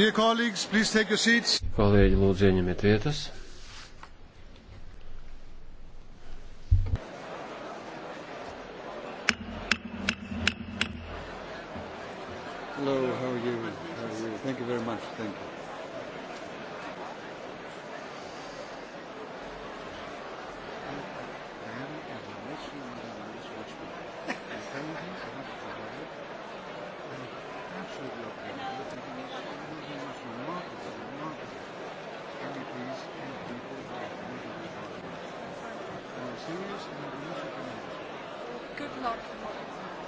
Kolēģi, lūdzu, ieņemiet vietas. o'clock tomorrow.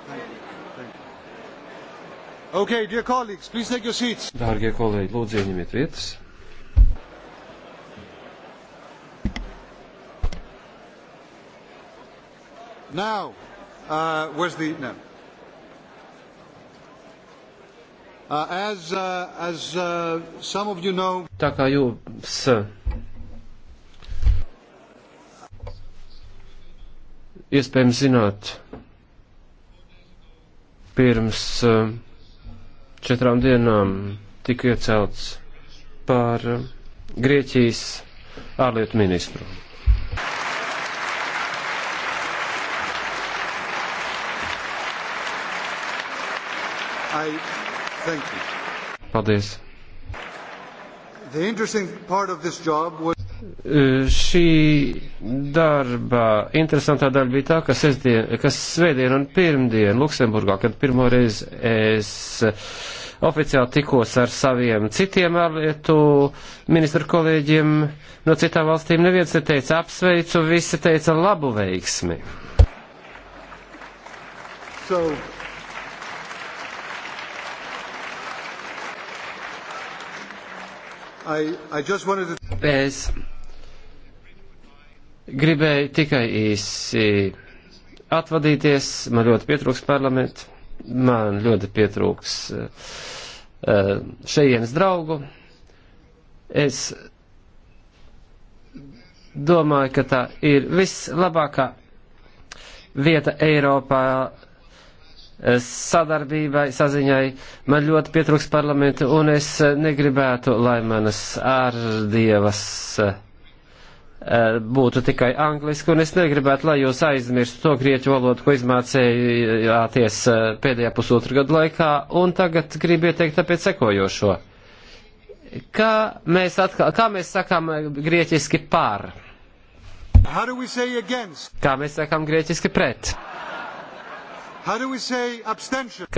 Thank you. Thank you. Okay, dear colleagues, please take your seats. Dārgie kolēģi, lūdzu ieņemiet vietas. Now, uh, where's the no? Uh, as uh, as uh, some of you know, tā kā jūs uh, iespējams zināt, Pirms eh, četrām dienām tika iecelts par eh, Grieķijas ārlietu ministru. I, Paldies! Was šī darba interesantā daļa bija tā, ka, sestdien, ka svētdien un pirmdien Luksemburgā, kad pirmoreiz es oficiāli tikos ar saviem citiem ārlietu ministru kolēģiem no citām valstīm, neviens neteica apsveicu, visi teica labu veiksmi. So. I, I just wanted to... Es Gribēju tikai īsi atvadīties, man ļoti pietrūks parlaments, man ļoti pietrūks eh, eh, šejienes draugu. Es domāju, ka tā ir vislabākā vieta Eiropā eh, sadarbībai, saziņai. Man ļoti pietrūks parlamentu, un es negribētu, lai manas ārdievas. Uh, Eh, būtu tikai angliski, un es negribētu, lai jūs aizmirstu to grieķu valodu, ko izmācējāties eh, pēdējā pusotra gadu laikā, un tagad gribu ieteikt tāpēc sekojošo. Kā mēs, atkal, kā mēs sakām eh, grieķiski par? Kā mēs sakām grieķiski pret?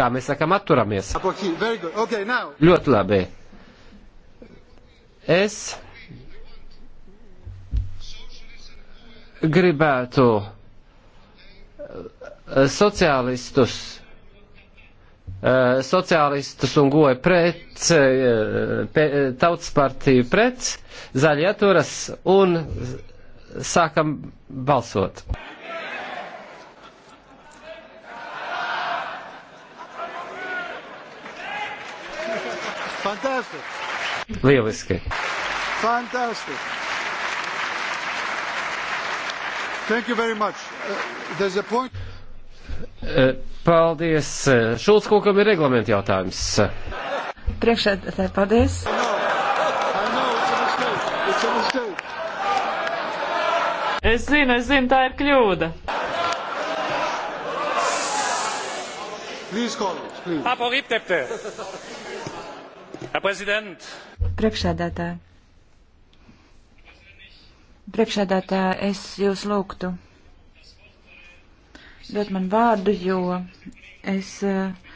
Kā mēs sakām atturamies? Okay, Ļoti labi. Es gribētu eh, sociālistus, eh, sociālistus un goja pret, eh, tautas partiju pret, zaļie atturas un sākam balsot. Fantastiski! Lieliski! Fantastiski! Thank you very much. Uh, there's a point. Uh, paldies. Uh, Šulc kungam ir reglamenta jautājums. Priekšsēdētāji, paldies. I know. I know, it's a mistake. It's a mistake. Es zinu, es zinu, tā ir kļūda. Please call, please. Priekšsēdētāji. Priekšsēdētā es jūs lūgtu dot man vārdu, jo es, eh,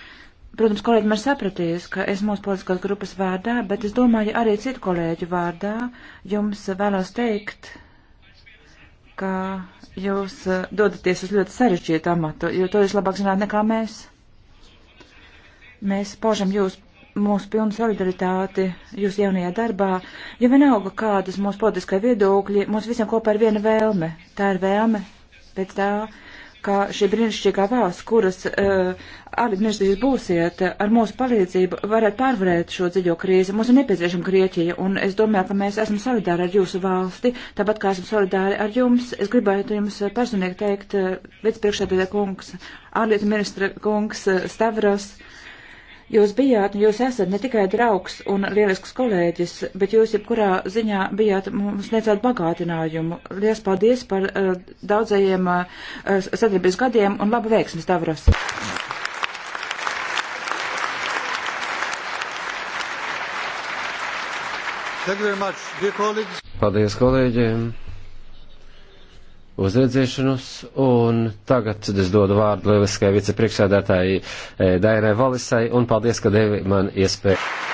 protams, kolēģi man sapratīs, ka es mūsu politiskās grupas vārdā, bet es domāju arī citu kolēģu vārdā jums vēlos teikt, ka jūs eh, dodaties uz ļoti sarežģītu amatu, jo to jūs labāk zināt nekā mēs. Mēs paužam jūsu mūsu pilnu solidaritāti jūs jaunajā darbā, jo vienalga kādas mūsu politiskai viedokļi, mums visiem kopā ir viena vēlme. Tā ir vēlme pēc tā, ka šī brīnišķīgā valsts, kuras uh, abi mirstīs būsiet, ar mūsu palīdzību varētu pārvarēt šo dziļo krīzi. Mums ir nepieciešama Grieķija, un es domāju, ka mēs esam solidāri ar jūsu valsti, tāpat kā esam solidāri ar jums. Es gribētu jums personīgi teikt, uh, eh, vicepriekšēdētā kungs, ārlietu ministra kungs, uh, Stavros. Uh, Jūs bijāt, jūs esat ne tikai draugs un lielisks kolēģis, bet jūs jebkurā ziņā bijāt mums necēt bagātinājumu. Lies paldies par uh, daudzajiem uh, sadarbības gadiem un labu veiksmi, Stavros! Paldies kolēģiem! uz redzēšanos, un tagad es dodu vārdu lieliskai vicepriekšsēdētāji eh, Dairai Valisai, un paldies, ka devi man iespēju.